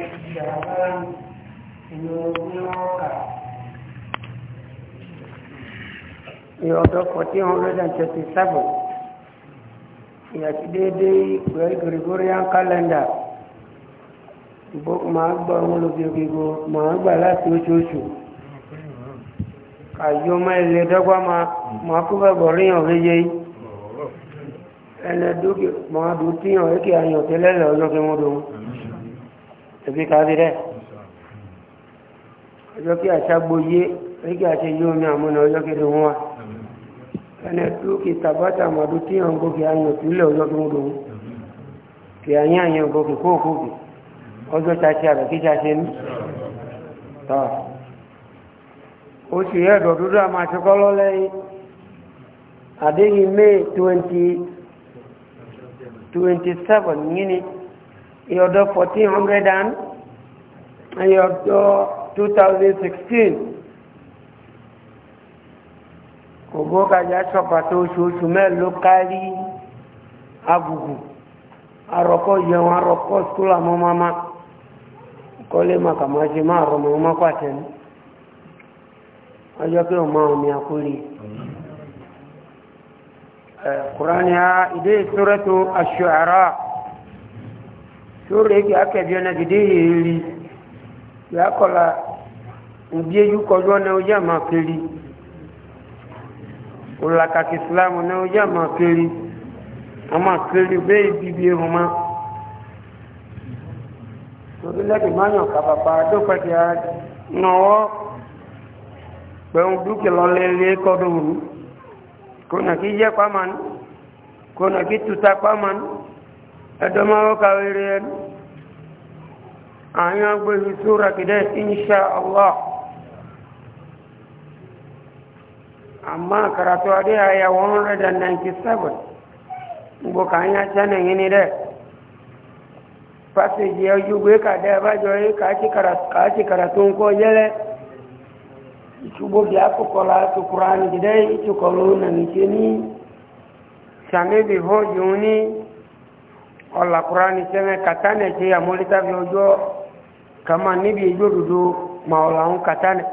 Ìjọba ìlú Mọ́ọ̀kà. Ìyọ̀dọ̀ 1437. Ìyàtí dédé pẹ̀lú Gregorian calendar. Ìbò máa gbọ́ ọmọ olùgbègbègbò máa gbà láti oṣooṣù. Àjọ máa ilẹ̀ dọ́gbà máa kú bẹ̀bọ̀ ríyàn léye. Ẹnẹ̀dókè máa dùn tíyàn ékè àyàn tẹ́lẹ̀lẹ̀ ọjọ́ kí wọ́n tẹ̀bí káàbí rẹ̀ ọjọ́ kí àṣàgbò yé rí kí àṣẹ yóò ní àmúnà ọjọ́ kéde wọn wá ẹni lókè tàbátà màdó tí àwọn gòkè àyàn sílẹ̀ ọjọ́ tó ń lò wọ́n kì àyàn àyàn gòkè kóòkóòkè ọjọ́ ta ṣe àbẹ̀ kí ṣe àṣẹ ní tọ́ oṣù yẹ́ ẹ̀dọ̀ dúdú àmà àṣekọ́ lọ́lẹ́yìn àdéhìí may twenty twenty seven yìí ni ìyọ̀dọ̀ 1400 and ìyọ̀dọ̀ 2016 ògbó kàjá sọpàtà oṣooṣù mẹ́lò kárí agùgù arọ́kọ́ yẹun arọ́kọ́ skúlà mọ́ máma kọ́lé màkàmáṣe máa rọ̀ mọ́ mọ́pàtẹ́ ní ọjọ́ pé ọmọ omi àkórí kùránì ha ìdé ìsúrẹ́tò aṣọ àrá sórí kí akẹ́bí ọ̀nà gidi èrì yà kọ́la òbí ejú kọjú ọ̀nà ojú àmà kiri òlàkàkì islam ọ̀nà ojú àmà kiri àmà kiri bẹ́ẹ̀ bíbí ehùn ma torí lẹ́kì máyàn kàpàpà dókòtì ànáwọ́ pẹ̀lú dúkìlọ́ lẹ́lẹ́ kọ́dọ̀ òru kò kí yẹ pàmò kò kí tuta pàmò ẹ̀dọ́mọ́ kàwẹ̀rẹ̀ ẹnu àwọn agbóhì súra kìdẹ́ inṣà allah àmá karatu adé àyà 197 gbogbo kàáyà sẹ́nà yìí ni rẹ̀ pàṣẹjì ojú gbé kàdẹ́ àbájọ yìí kàáṣì karatu ń kọ́ yẹ́lẹ́ ìṣubú bí akọ́kọ́lá tó kúrò ní kìdẹ́ ìṣùkọ̀lù nàìjíríà ní sàmẹ́bì hó yìí ní ọ̀là kúránì sẹ́mẹ́ kàtánẹ̀ ṣe àmọ́lítà fi ọjọ́ kàmá níbi ìjó dúdú mà ọ̀là ń kàtánẹ̀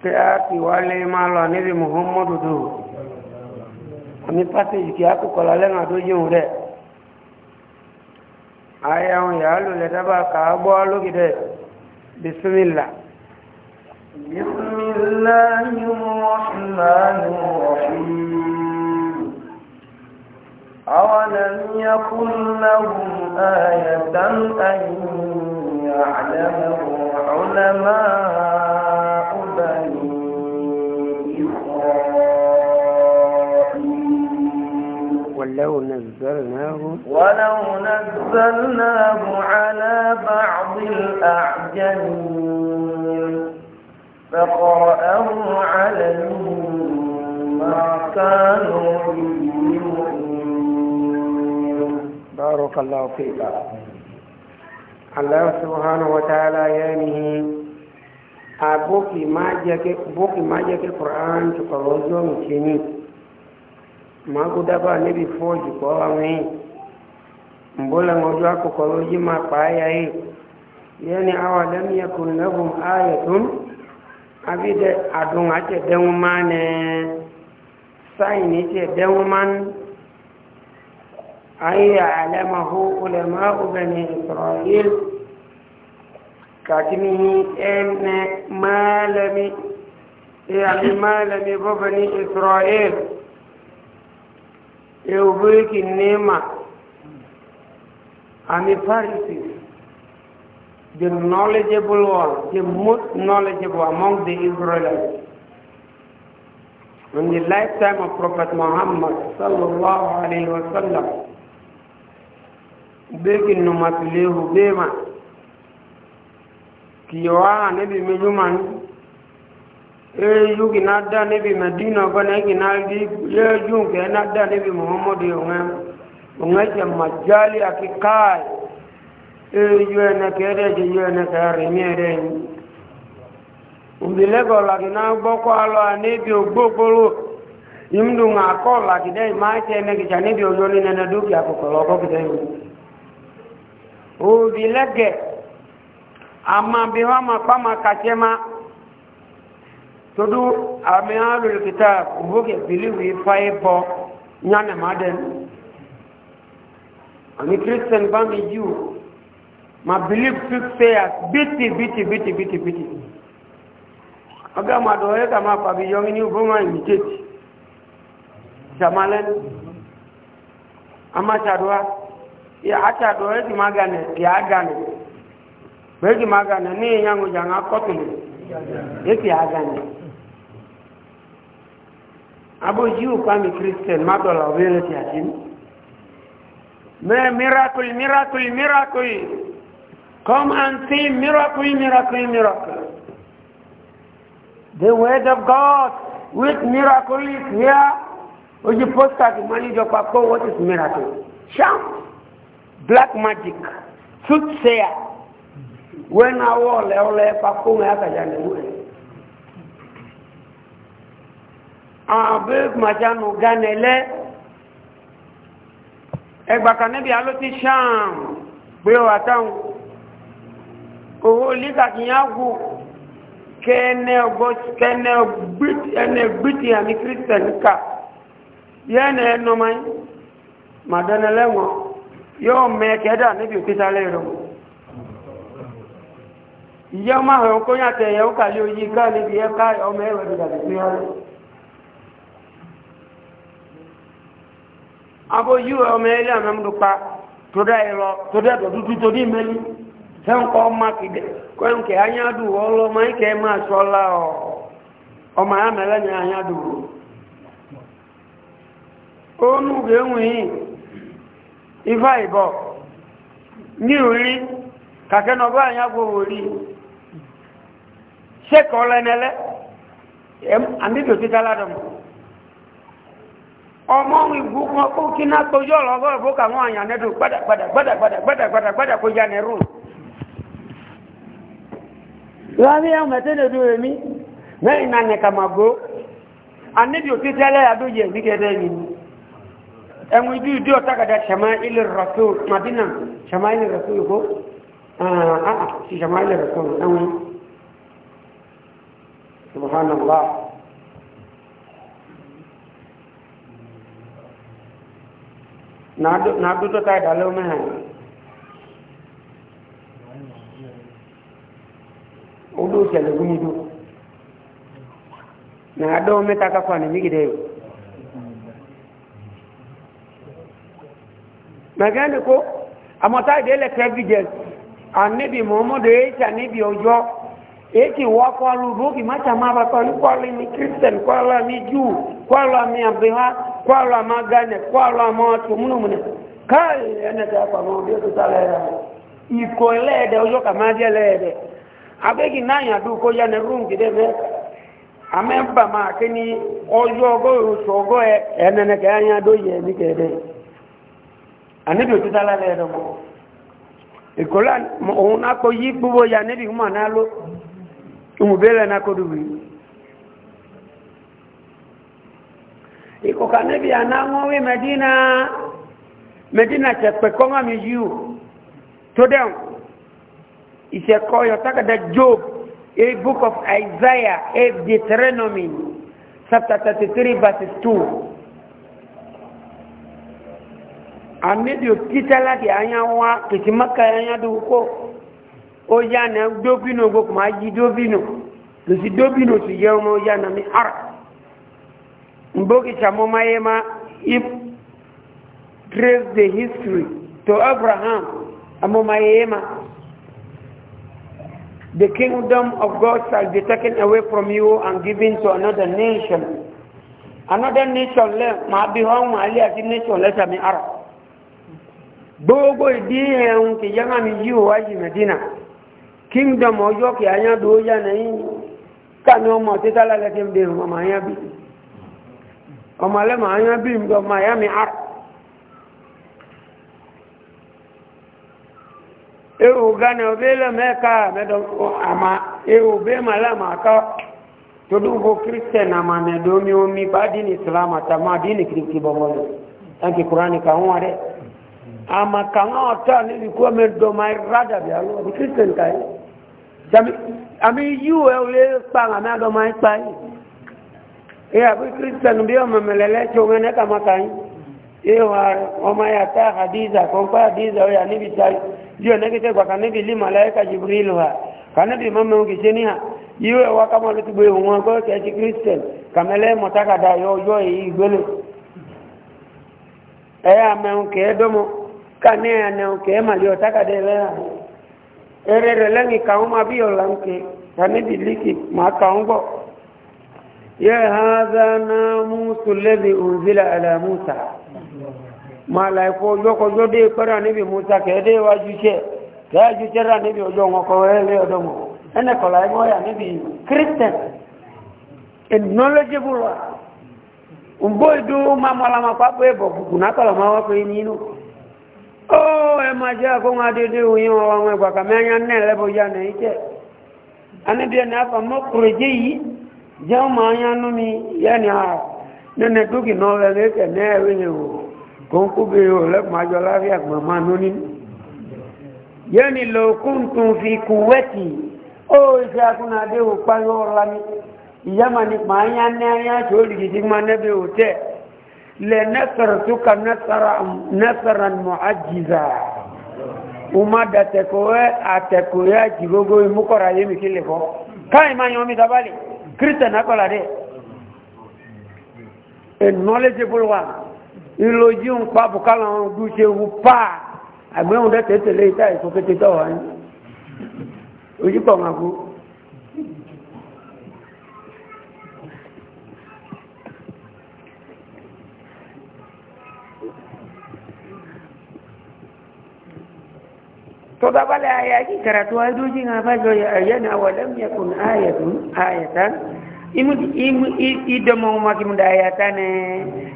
pé a kì wá lé máa lọ níbi muhammadu dò ní pásíjì kì á kókò lálẹ́ náà tó jẹun rẹ̀ ayé àwọn ìyá lòlẹ̀ dábàá kà á gbọ́ lókè dẹ̀ bisimilá. بسم الله الرحمن الرحيم أولم يكن لهم آية أن يعلمه علماء بني ولو نزلناه ولو نزلناه على بعض الأعجمين فقرأه عليهم ما كانوا به barakallahu fiika Allah subhanahu wa ta'ala yani aboki maje ke boki maje ke Qur'an to ko rojo mi kini ma ko daba ne bi foji ko awi mbola ngojo ko ko roji ma paya yi yani awalam yakun lahum ayatun abide adun ate denumane أن يعلمه علماء بني إسرائيل كاتمه أن ما لم يعني ما لم بني إسرائيل يوبيك النعمة I'm a the knowledgeable one, the most knowledgeable among the Israelites. In the lifetime of Prophet Muhammad sallallahu alayhi wa sallam, bekin no matulehu bema kiyoa nebi mejuman e yugi nadda nebi medina bana ginal di ye junge nadda nebi muhammad yonga unga cha majali akikai eh, e yuena kere je yuena kare mere umbilego lagina boko alo anebi ogbogbolo imdu nga ko lagide ma che ne kicha nebi ojoni nene duki akokolo ko kidengu òbí lẹ́gẹ̀ àmà bí wọ́n ma pa ma kàṣẹ́ ma todú àmì alùlùkítà òbókè bìlíwì fáyé bọ nyánà má dẹn àmì kírísítẹ̀n bá mi jù ma bìlíw fífẹ́yà bìtì bìtì bìtì bìtì bìtì ọgá màdọ̀ ẹ̀ kà má pàbí yọ ní ìbomá ìmìtẹ́tì sàmálẹ́nu àmàṣàdùá ya acha do eti magane ya gane beki magane ni yangu janga kotuli eti agane abo jiu kami christian madola obele ti atin me miracle miracle miracle come and see miracle miracle miracle the word of god with miracle is here oji posta ti mani jo pa ko what is miracle shout black magic foot seya wennawọl ọlọọlọ efa fọm ọyá kadịsịa n'emu ebe abe madza n'u ghani lẹ egbata n'ebi alọtị shan blue hwata k'ene ọgbọ k'ene ọgbit ene gbit ami kristo ene ka ya na ẹ nọm anyị ma yóò mẹ kẹ́dà níbi òkúta lẹ́rọ ìyá ọmọ àwọn kó ya ẹ̀yẹ ó kàlẹ́ oyí ká níbi ẹ̀ka ọmọ ẹ̀rọ ìdàgbà tó yára ọmọ ẹ̀lẹ́ na tó dá ẹ̀rọ tó dá dúdú tó ní ifá ìbọ̀ ní orí kàkẹ́nà bá àyàgbò orí ṣẹ́kọ̀ lẹ́nẹ́lẹ́ àmìtò títà ládọ̀mù ọmọ ìgbú kan kó kí ná tójú ọ̀lọ́gọ́ ìfókà wọn àyàn nẹ́dù gbádàgbádàgbádàgbádàgbádà kó já nẹ́rù láàrí ẹ̀mọ̀ ẹ̀tẹ́lẹ̀dù rẹ̀ mí mẹ́rin náà nẹ̀kàmàgó àníbi òtítẹ́lẹ̀ àdójẹ̀ ní kẹ́ẹ̀ẹ́ ẹ̀wọ̀n ibi ìdí ọ̀tá kàdá ṣàmá ilẹ̀ rọ̀tò madina ṣàmá ilẹ̀ rọ̀tò yìí kó àà sí ṣàmá ilẹ̀ rọ̀tò ẹ̀wọ̀n subhanallah náà dúdú tá ìdálẹ́ mẹ́hàn odó ìṣẹ̀lẹ̀ gúnmùdó náà dọ́ mẹ́ta káfà ní mígidẹ́ yìí mẹ̀gẹ́ni kó àmọ́tá ìdílé president àníbi muhammadu èyíkà níbi ọjọ́ èyíkì wọ́ kọlu bókì máta máa bá kọlu kọlu ní christian kọlu àmì jew kọlu àmì àbíhá kọlu àmà gánẹ kọlu àmà tòmúnùmùnẹ káàlì ẹnẹtẹ àpamọ bí ó tó sálẹ rẹ ìkọ ẹlẹẹdẹ ọjọ kàmájẹ ẹlẹẹdẹ anibi òtítà lálẹ́ ẹ̀rọ mọ́ ìkọlá òun nákọ yí gbogbo ya níbi ìhùmọ̀ náà ló ìmùbẹ́lẹ̀ nákọ dùbì ìkọ̀kà níbi ànáwọ́n wí mẹ́dínà mẹ́dínà tẹ̀pẹ̀ kọ́mọ́ mi yí o tó dẹ̀hùn ìṣẹ̀kọ́ yọ tákàdá job a book of isaiah a deuteronomy chapter thirty three verse two. amedio kitala di anya wa maka anya du ko o ya na dobino go kuma ji dobino to si dobino si je mo ya na mi ar mboki cha mo mayema if trace the history to abraham amo mayema the kingdom of god shall be taken away from you and given to another nation another nation le ma bi hon ma ali ati nation le ta mi gbogbo ìdí ẹ̀hùn kì yá mi yí ò wáyé medina kingdom ọjọ́ kì á yán dúró yá ọmọ títà ọmọ bí ọmọ bí ọmọ mi ewu gánà ọbẹ̀ mẹ́dọ̀ àmà ewu bẹ́ẹ̀ mà ká mi omi bá ama kanga ota nilikuwa medomai rada bia lo di kristen kai jami ami yu e ole panga na domai pai e abi kristen bia mamelele chongene kama kai e wa oma ya ta hadiza ko pa hadiza ya ni bitai dio ne kete kwa kanibi li malaika e jibril wa kanibi mama ungi chini ha iwe wa kama lutubwe unwa ko ke kristen kamele motaka da yo yo igolo e, e ameu ke domo kanea na ke malio taka delea ere relengi kauma bio lanke tani diliki makaongo ya hadha namusu alladhi unzila ala musa malaiko yoko jode para nibi musa kede wajuche kaju chera nibi ojongo ko ele odomo ene ko laimo ya nibi christian and knowledgeable umboy do mamala mapabo ebo kuna kala mawa ko inino ẹ máa jẹ́ kó wa adédé oyin wọn wọn ẹgbà kàmí ẹyà náà lẹ́bọ̀ ya nà yìí jẹ́ anábì ẹ̀ náà fàmọ́ kùrèjì yìí jẹ́ ọmọ ayá nú mi yẹ́ ni a nínú dúkì náà lẹ́ lẹ́kẹ̀ náà ẹ̀rí ni o kò ń kú bèrè o lẹ́kùn àjọ láfíà gbọ̀mọ́ nú ní. yẹ́ ni lò kúntùn fi kù wẹ́tì ó ṣe akúnadé òpáyọ̀ ọ̀la mi ìyá màá ní pààyàn náà yá لنصرتك نصرا نصرا معجزا وما دتكوه اتكويا جيغوغو مكورا يمي كيلفو كاي ما يومي دبالي كريستنا كولا دي knowledgeable one ìlòjì ń pa bùkálà àwọn ojú ṣe wù páà àgbẹ̀hùn dẹ́tẹ̀ẹ́tẹ̀lé ìta ìfòkété tọ́wọ́ yìí ojú pọ̀ máa kú تضبل آياتي كرت وادوجي نفاجو يأينا ولم يكن آية آية imu imu idomo ma kimu da ayatane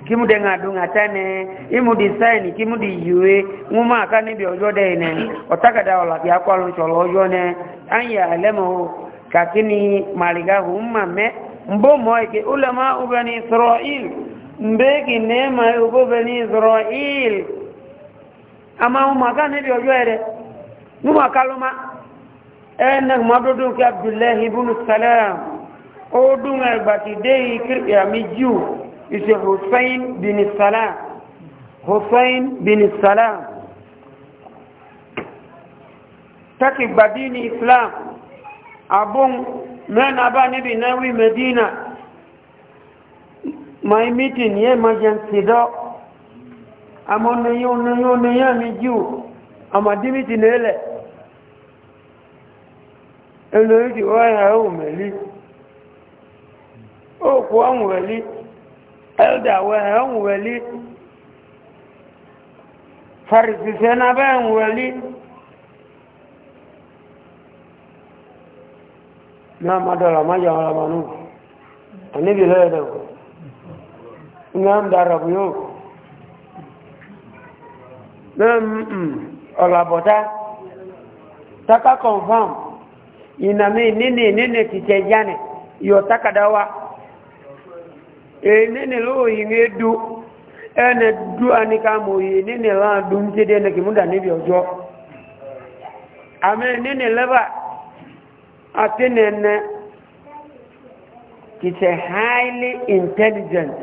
kimu de ngadunga tane imu design kimu di yue muma kani bi ojo de ne otaka da ola bi akwalu cholo ojo ne anya alemo kakini maliga humma me mbo moike ulama ubani israel mbeki nema ubo bani israel ama umaka ne bi ojo ere numa kaluma ene madudun ki abdullah ibn salam o dun e gbati de ikir ya miju ise hussein bin salam hussein bin salam taki gbadini islam abun men aba nibi nawi medina my meeting ye emergency do amon ne yo ne yo ne amadimiti n'ele eloyiti waya ewumeli okwu ọnwụweli elda waya ọnwụweli farisise n'abe ọnwụweli na madara maja ọlamanu anibi lẹ́ẹ̀dẹ̀kọ̀ ní àmdà rabu yóò Mm, ọ̀rọ̀ àbọ̀dá taka confam ìnàmí nínú nínú títẹ̀ jáne yọ takadawa nínú lóòyìn edu ẹni dú anìkàmù yìí nínú láàdún tí dé nìkì múdà níbi ọjọ́ àmì nínú lẹ́bà àti nínú títẹ̀ highly intelligent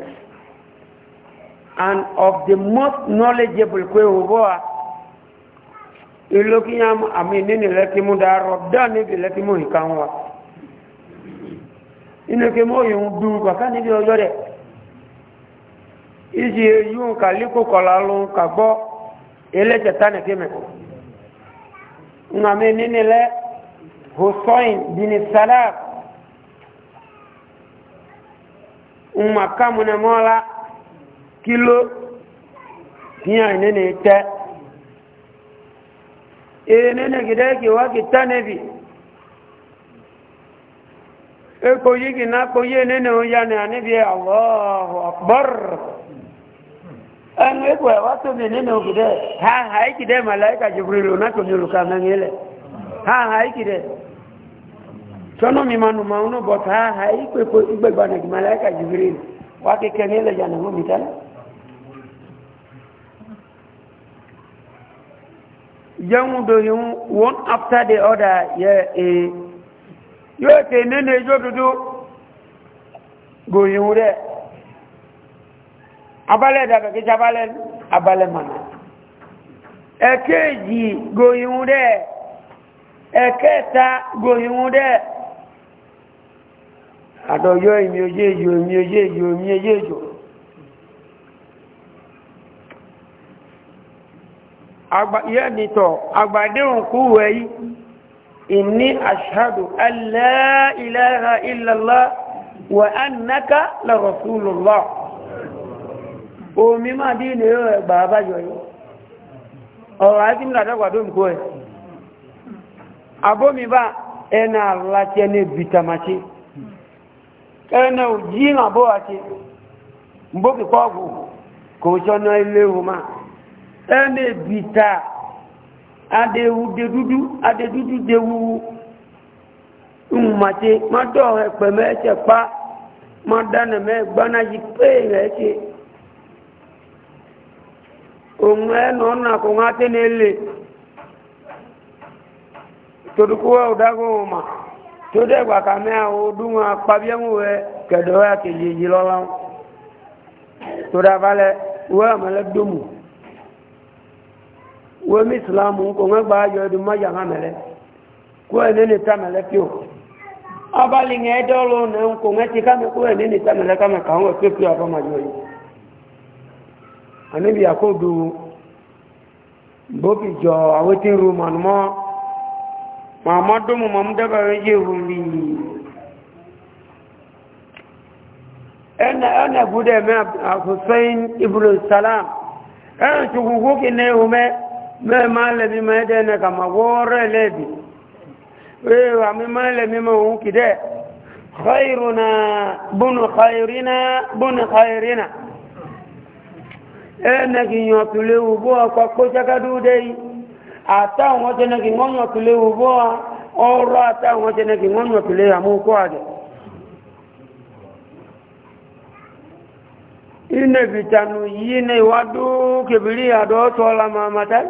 and of the most knowledgeable kwe huboa ilokiyam aminini letimu daro dani bi letimu hikanwa inoke mo yun du baka ni bi ojo de iji yun kaliko kolalo kagbo ele jetane kemeko ngame nini le Hussein bin Salam umakamu na mola kilo tiɲɛ nene tɛ ee nene gidɛ ki wa ki ta ne bi e ko yi ki na ko ye nene o ya ne ani bi ye alahu akbar ɛnu e ko ɛ to mi nene o gidɛ ha ha e gidɛ malayika jibrilu na to mi olu ka mɛ ŋe lɛ ha ha e gidɛ tọ́nà mi máa nù máa ń bọ̀ tá a ha ikú ìgbẹ́gbà nàìjíríà malayika jibrilu wa kékeré lè jà nàìjíríà mi tẹ́lẹ̀. young do one after the other yeah eh yo te nene jo dudu go yun re eh. abale da ke jabale abale mana èkejì go yun re ẹ̀kẹta go yun re eh. ado yo mi oje yo mi oje yẹ́nitọ̀ àgbàdéhùn kú wẹ̀yí inni ashadu alla ilaha illallah wa annaka la rasulullah omi máa dí ilé ẹ̀ bàbá yọ̀yọ̀ ọ̀rọ̀ àti nílò àdọ́gbàdó mkú ẹ̀ abómi bá ẹna àláti ẹnẹ bìtà adéwu de dúdú adé dúdú dewu ńmàtí má dọ̀ ẹ̀pẹ̀ mẹ́ẹ̀ẹ́sẹ̀ pa má dáná mẹ́ẹ̀ gbaná pé òun ọ̀nà kò ń ní ilé ọmọ tó kàmẹ́ àwọn ọdún wọ́n wem mi ìsìlámù kò ba gba ayọ̀ ẹ̀dùn mọ́jà hàn mẹ́lẹ́ kó ẹ̀ nínú ìta mẹ́lẹ́ kí o abali ŋa ɛdɔ lo ne ŋko ŋa ti kame ko ɛni ni tame lɛ kame kaŋ ma mama do mo ba mi salam ki ne hu bẹ́ẹ̀ máa lẹ́mí máa ẹ́ dẹ́nà kà máa wọ́ọ́rẹ́ lẹ́bi wíwẹ̀ àmì máa lẹ́mí òun kì dẹ́ khairuna bunu khairina bunu khairina ẹ́nà kì yàn tùlé wùbọ́ ọkọ̀ kó ṣẹ́kẹ́dú dé yìí àtàwọn tẹ́nà kì wọ́n yàn tùlé wùbọ́ ọrọ̀ àtàwọn tẹ́nà kì wọ́n yàn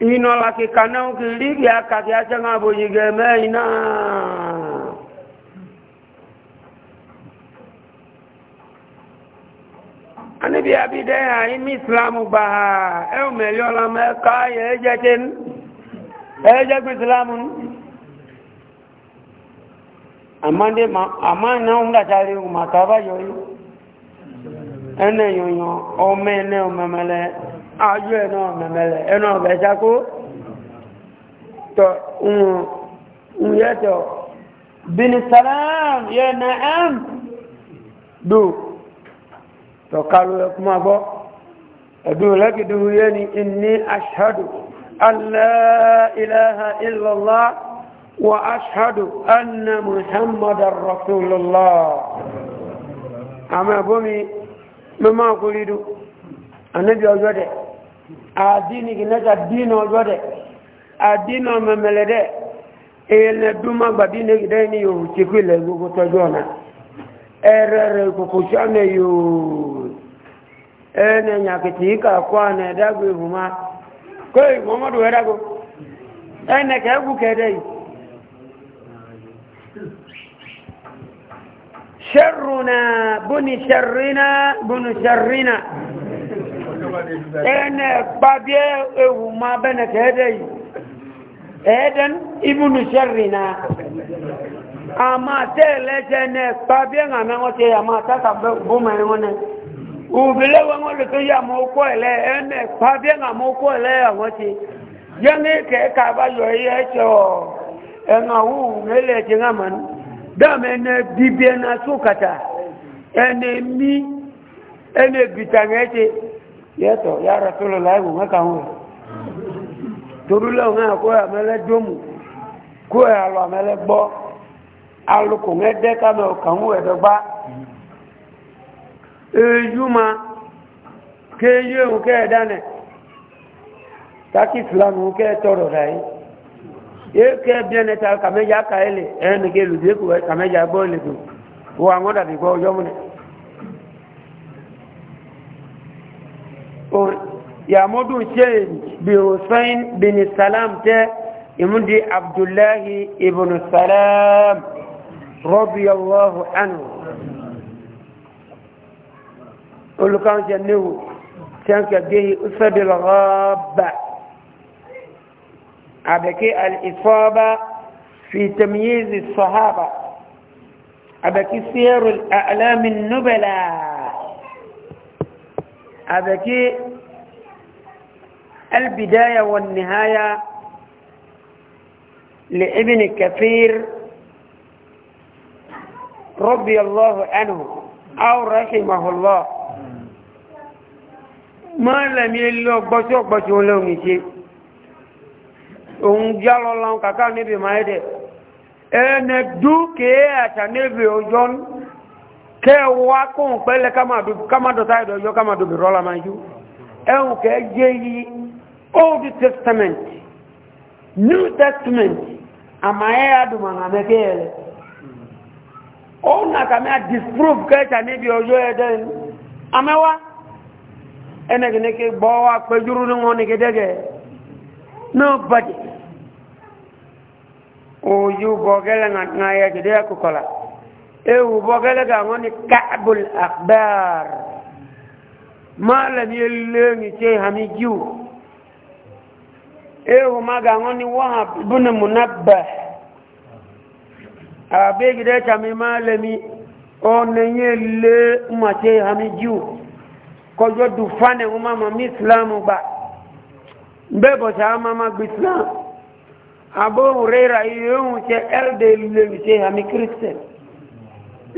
ino la na kana ki ligi aka ki acha nga bo yige me ina ani bi abi ya imi islam ba e o me lo la me ka ye je ken e ku islam amande ma amana unda chari ma ka ba yo ene yo yo o o memele àájú ẹ̀ náà mẹ̀mẹ̀lẹ̀ ẹ̀nà ọ̀bẹ̀ ṣakó tọ̀ ń yẹ́ tọ̀ bíní sàlám yẹ́ na ẹ́m dò tọ̀ kálù ẹkùn máa gbọ́ ẹ̀dùn lẹ́kìdù yẹ́ ni inni aṣhadu allah ilaha illallah wa aṣhadu anna muhammadar rasulullah àmọ́ ẹ̀bọ́ mi mẹ́mọ́ àkúrídù àníbi ọjọ́ dẹ̀ adini kinata dino jode adino memelede ele duma gbadine gideni yo chikwile gugu tojona erere kukushane yo ene nyakitika kwane dagwe huma koi momodu edago ene kegu kedei شرنا بن شرنا بن شرنا ẹnẹ pàbí ewu ma bẹ́nẹ̀ kẹ́ẹ̀dẹ̀ yìí ẹ̀ẹ́dẹ́n ibùnú sẹ́rìnà a máa tẹ́ẹ̀lẹ́jẹ́ ẹnẹ pàbí ẹ̀nà mẹ́wọ́n ti yà máa tàkà bọ́mọ̀rin wọn òbílẹ̀ wọn lè tó yà mọ́ kọ́ ẹ̀lẹ́ ẹnẹ pàbí ẹ̀nà mọ́ kọ́ ẹ̀lẹ́ àwọn ti bá yọ yẹ́tọ̀ yára tó lọ láìwò mẹ́ta wọn torí lẹ́wọ̀n náà kó àmẹ́lẹ́ dómù kó àlọ́ àmẹ́lẹ́ gbọ́ alùkò ń dẹ́ kámẹ́ ọ̀kànwó ẹ̀dọ́gbá eyu ma kéyé òun kẹ́ ẹ̀ dánẹ̀ tákì fìlànà òun kẹ́ ẹ̀ tọrọ rẹ̀ yìí kẹ́ bíẹ́nẹ̀ ta kàmẹ́jà káyẹ̀lẹ̀ ẹ̀ lùdíẹ́kù kàmẹ́jà bọ́ọ̀lì tó wọ àwọn dàbí gbọ́ ọjọ́ múnẹ̀. يعمد شيء بحسين بن السلام ته يمدي عبد الله ابن السلام رضي الله عنه قل كان جنو كان كبيه أسد الغاب أبكي الإصابة في تمييز الصحابة أبكي سير الأعلام النبلاء àbẹ̀kí البداية والنهاية لابن كثير رضي الله عنه أو رحمه الله ما لم يلو بسوك بسوك لو نشي ونجال الله كاكا نبي ما يدي أنا دوكي أتا نبي وجون kẹwàá kóhùn pẹ́lẹ̀ kámàdọ̀tà ìdọ̀yọ́ kámàdọ̀bì rọ́lá máa yú ẹ̀hùn kẹ́ yí old testament new testament àmà ẹ̀ àdùmọ̀ àmẹ́kẹ́ rẹ̀ ó nà kàmẹ́ disprove kẹ́ẹ̀tà níbi ọjọ́ ẹ̀dẹ́ àmẹ́wá ẹnẹ́gẹ̀nẹ́kẹ́ gbọ́ wa pẹ́júrú ní wọn nìkẹ́dẹ́gẹ̀ nobody òyìnbọ̀ gẹ́lẹ̀ nà ewu bɔgɛlɛ ka ŋɔ ni kaabul akbar maalami eleŋi tse hami jiw ewu ma ka ŋɔ ni waha bunu munaba abeegi dɛ tami maalami ɔnenye le ma tse hami jiw kɔjɔ du fane ŋuma ma mi silamu gba bɛ bɔsɛ ama ma gbi silam abo rera yewu tse ɛlde leŋi tse hami kristian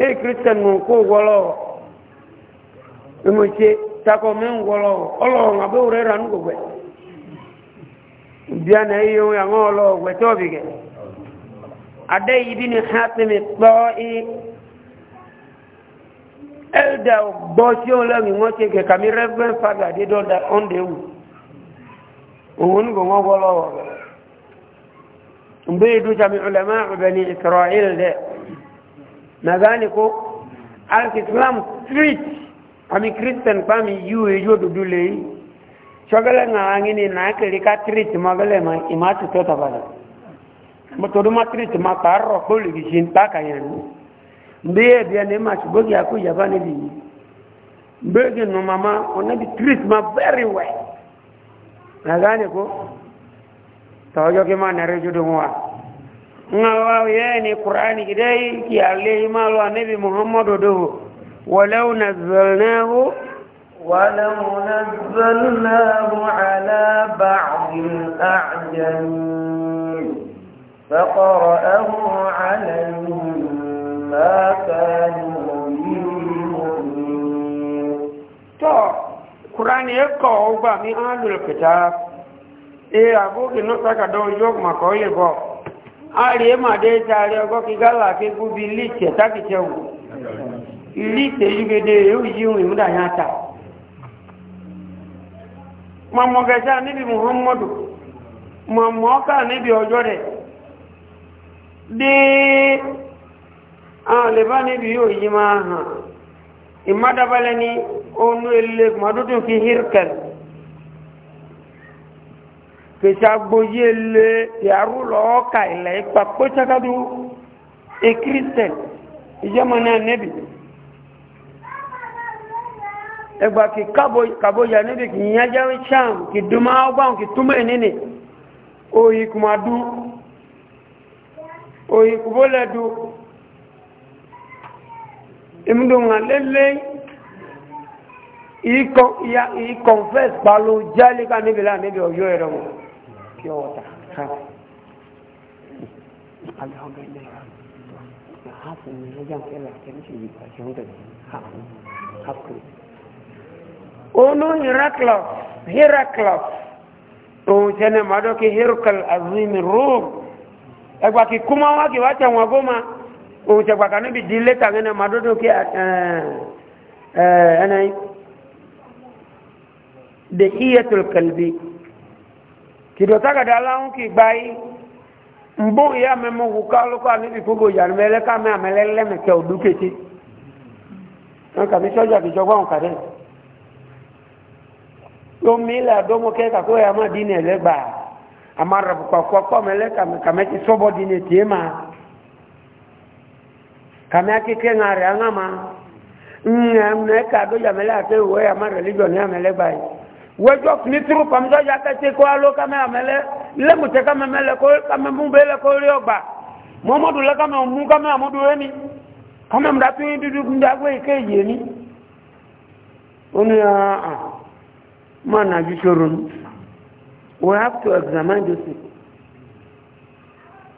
ee kristian nù kó wọlọ ìmọ̀tse takọ mẹ́ ń wọlọ ọlọ́run abẹ́wò rẹ̀ ranú gbogbo ẹ̀ bíánà iye ohun àwọn ọlọ́run gbẹ tó bì gẹ̀ adé yìí bí ni hátìmí gbọ́ i ẹ̀dà gbọ́ sí òun lẹ́nu wọ́n ṣe kẹ̀kà mi rẹ́fẹ́n fàgà dé dọ́dà ọ̀ndẹ̀wù òun ní kò wọ́n wọlọ ọ̀rọ̀ mbẹ́ ìdújàmí ọlẹ́mọ́ àbẹ̀ni ìsọ̀rọ̀ ilẹ̀ nadhani ko alislam street ami kristen pami yue yo dudule chogale ngangini na kelika street magale ma imatu tota bale motodu ma street ma karro boli gishin taka yani ndiye bia ne ma chibogi aku yabani bi mbege no mama onabi street ma very well nadhani ko tawajo ma narejo dumwa ngawa yani qur'ani idai ki alayhi ma lo nabi muhammadu do walau nazzalnahu walau nazzalnahu ala ba'd al-a'jami فقرأه عليهم ما كانوا يؤمنون تو قرآن يقع أوبا من أهل الكتاب إيه أبوك نصك دون يوم ما كوي بوك ààrẹ màdé tààrẹ ọgọ́ kí gálà kí gúbi líìtẹ̀ tákìtẹ̀ wù líìtẹ̀ yúgede yóò yíwìn múdàyà ta mọ̀mọ̀gẹ̀ta e e níbi muhammadu mọ̀mọ̀ọ́kà níbi ọjọ́ rẹ̀ dé àwọn lè bá níbi yóò yí máa hàn ìmádàbálẹ́ ní oónú ilé mọ̀dúdún fi hírkẹ̀lì kechagbo yele yaru lɔ ka ilẹ ipa kpɛtsakadu ekristɛn ìjọmọnà nebi ẹgbà kì kabo kabo ya nebi kì nyadza tsam kì duma ọgbàn kì tuma ẹnini oyi kuma du oyi kubo lɛ du emudunga lele ikɔ ya ikɔnfɛs kpalo jali ka la nebi ɔyɔ yɛrɛ pure water half alhamdulillah half ni ló jẹ́ àǹkẹ́ là kẹ́ ní ṣèyí àti ọ̀hún tẹ̀lé half half kiri. olú heraklus heraklus òun sẹ́ni màdókè heracal azim rome ẹgbà kí kúmọ́ wá kí wá tẹ̀wọ̀n gómà òun sẹ̀gbà kan níbi di létà ẹni màdókè ẹni. دقية القلب kìdọ̀tàgàdà láhùn kì gba yí mbó ìyá mẹ́mọ́ òkúká lókọ́ níbi gbogbo ìyàrá mẹ́lẹ́ká mẹ́ àmẹ́lẹ́lẹ́mẹ̀kẹ́ òdú kété wọn kàbí sọ́jà kìjọ gbọ́n kàdẹ́ lómi ilẹ̀ àdómọ́kẹ́ kàkó ẹ̀ àmà dín ẹ̀lẹ́gbà àmà sọ́bọ̀ rẹ̀ mẹ́lẹ́ wẹjọ filitiru pamjọ yakẹtẹ kó alo kame amẹlẹ lẹmutẹ kame mẹlẹ kó kame mu bẹlẹ kó rí ọgbà mọmọdù lẹ kame mu kame amudu ẹni kame mu dàtú yín dúdú kúndé agbé ike yé ni onu yà á má nàjú soro nu we have to examine this thing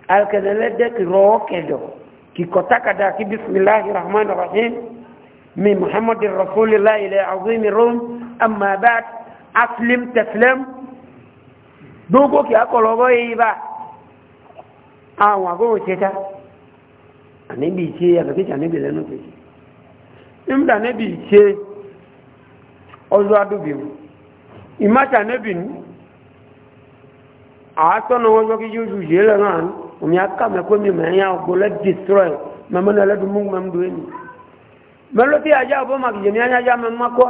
alikẹlẹ lẹ dẹ kí rọ kẹdọ kí kọtakada kí bisimilahi rahman rahim mi muhammadu rasulillah ilẹ azimi rom amma baati aslim tẹ̀sílẹ́m dógó kí a kọ̀lọ̀ ọgọ́ yìí bá àwọn àgọ́wò ṣẹta àníbi ìṣe àgbẹ̀kẹ́ṣẹ́ àníbi lẹ́nu pé nígbà níbi ìṣe ọzọ adóbìnrin ìmáṣà níbi ní àátọ́nà wọn lọ́kí yóò ṣù ṣe lẹ́nu àánú omi akámẹ́kọ́ mi mẹ́rin àgbọ̀ lẹ́ destroy mẹ́mọ́nà ẹlẹ́dùnmú mẹ́mdùn ẹni mẹ́lọ́tí ajá ọbọ̀ màkìjẹ̀mí ajá mẹ́mọ́kọ́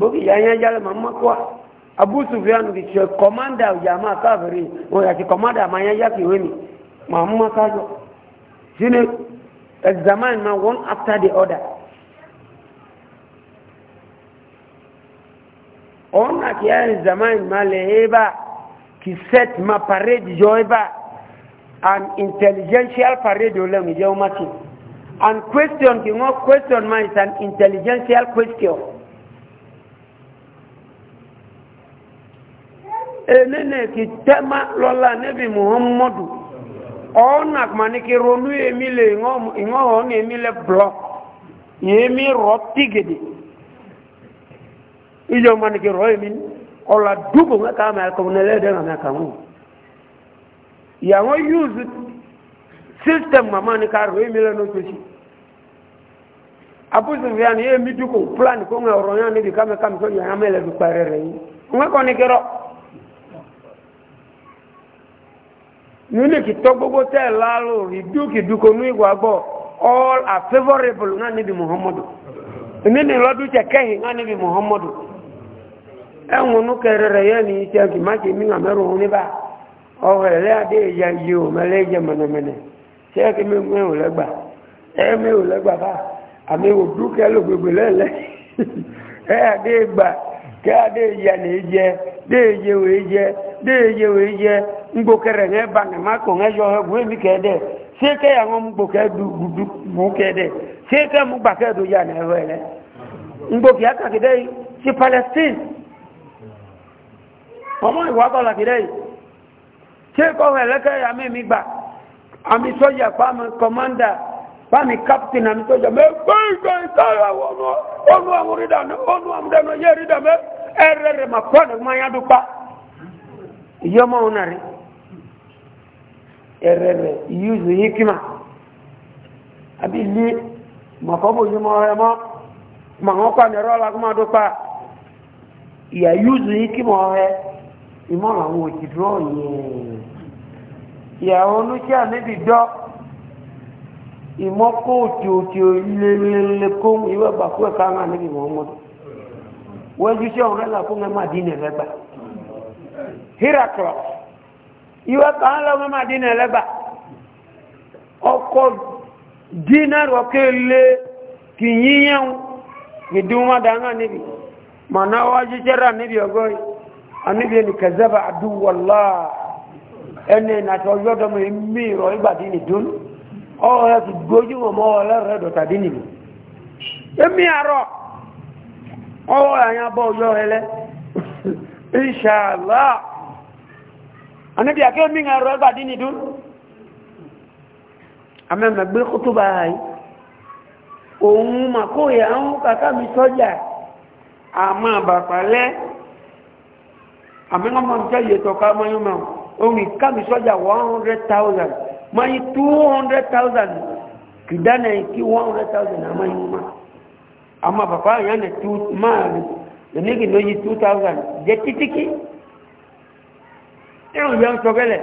boki ya nya jala mamma kwa abu sufyan ki che komanda jamaa kafiri o ya ki komanda manya ya ki weni mamma kajo sine examine eh, ma one after the other ona ki ya examine ma leheba ki set ma parade joiba an intelligential parade ole mi je umati and question ki ngo question ma is an intelligential question enene ki tema lola nebi muhammadu onak maniki ronu emile ingo ingo ngi emile block yemi roti gedi ijo maniki roi min ola dubu nga kama ko ne le de nga kamu ya ngo use system mamani ka roi mile no tosi apuzi vyani yemi duko plan ko nga ronya ni kama kama so ya mele du parere ngo koni kero uniki tɔ gbogbo tɛ laalo iduki dukonu iwagbɔ all are favourable ŋa nibi muhammadu nini lɔdu cɛ kɛhi ŋa nibi muhammadu ɛŋunu kɛrɛrɛ yɛ ni kimaki mi ŋa mɛru ŋuni ba ɔwɛ lɛ adi eya yi o mɛ lɛ mene mɛnɛmɛnɛ cɛ kɛmɛ ŋmɛ ewu gba gba lɛ lɛ ɛ adi gba kɛ adi ni de o de o mgbokere nye bane mako nye yo he gwe mi kede seke ya mgboke seke mu ya na wele mgboke aka kede si palestine ọmọ ìwà kọlà kìdẹ yìí tí kò wẹ̀ lẹ́kẹ́ àmì mi gbà àmì sọ́jà pàmì kọ́mọ́ndà pàmì kápítìn ọnụ ma ẹ̀rẹ̀rẹ̀ ìyúzù hikima àbí ilé mọ̀kọ́bòjúmọ́ rẹ mọ́ ma wọ́n kọ́ nẹ̀rọ alágúnmọ́dópa ìyà yúzù hikima rẹ ìmọ̀ àwọn òjìdúró yẹn ìyàwó onúṣẹ́ àmẹ́bì dọ́ ìmọ̀ kó òtìòtì lelele kó ìwé bàkú ẹ̀ka àwọn àmẹ́bì mọ́mọ́dọ́ wọ́n ju sí ọ̀rẹ́ làkúnmẹ́ màdínì rẹ gbà híraklọ́s ìwé kan lọ́mọ máa dín náà lẹ́bà ọkọ̀ dínàrù ọkẹ́ lé kì yíyàn ìdúnwádà náà níbi mọ̀nà wájú jẹ́rà níbi ọgọ́ níbi ẹni kẹzẹ́bà àdúwọ̀lá ẹni ìnàṣọ yọ́dọ̀mọ̀ èmì ìrọ̀ ìgbàdí nìdún ọ̀rẹ́ ti gbójú ọmọ ọlẹ́rẹ́ dọ̀tàdí nìbí àrọ̀ ọwọ́ àyàbọ̀ inṣàlá anabi ake mi nga roba dini dun ama ma gbe khutuba ai ohun ma ko ya an kaka mi soja ama ba pale ama nga ma je ye to ka ma yuma ohun ka mi soja 100000 ma 200000 kidana ki 100000 ama yuma ama papa yana tu ma ni ki no yi 2000 je titiki ẹ̀rùn yẹn ń sọgẹ́lẹ̀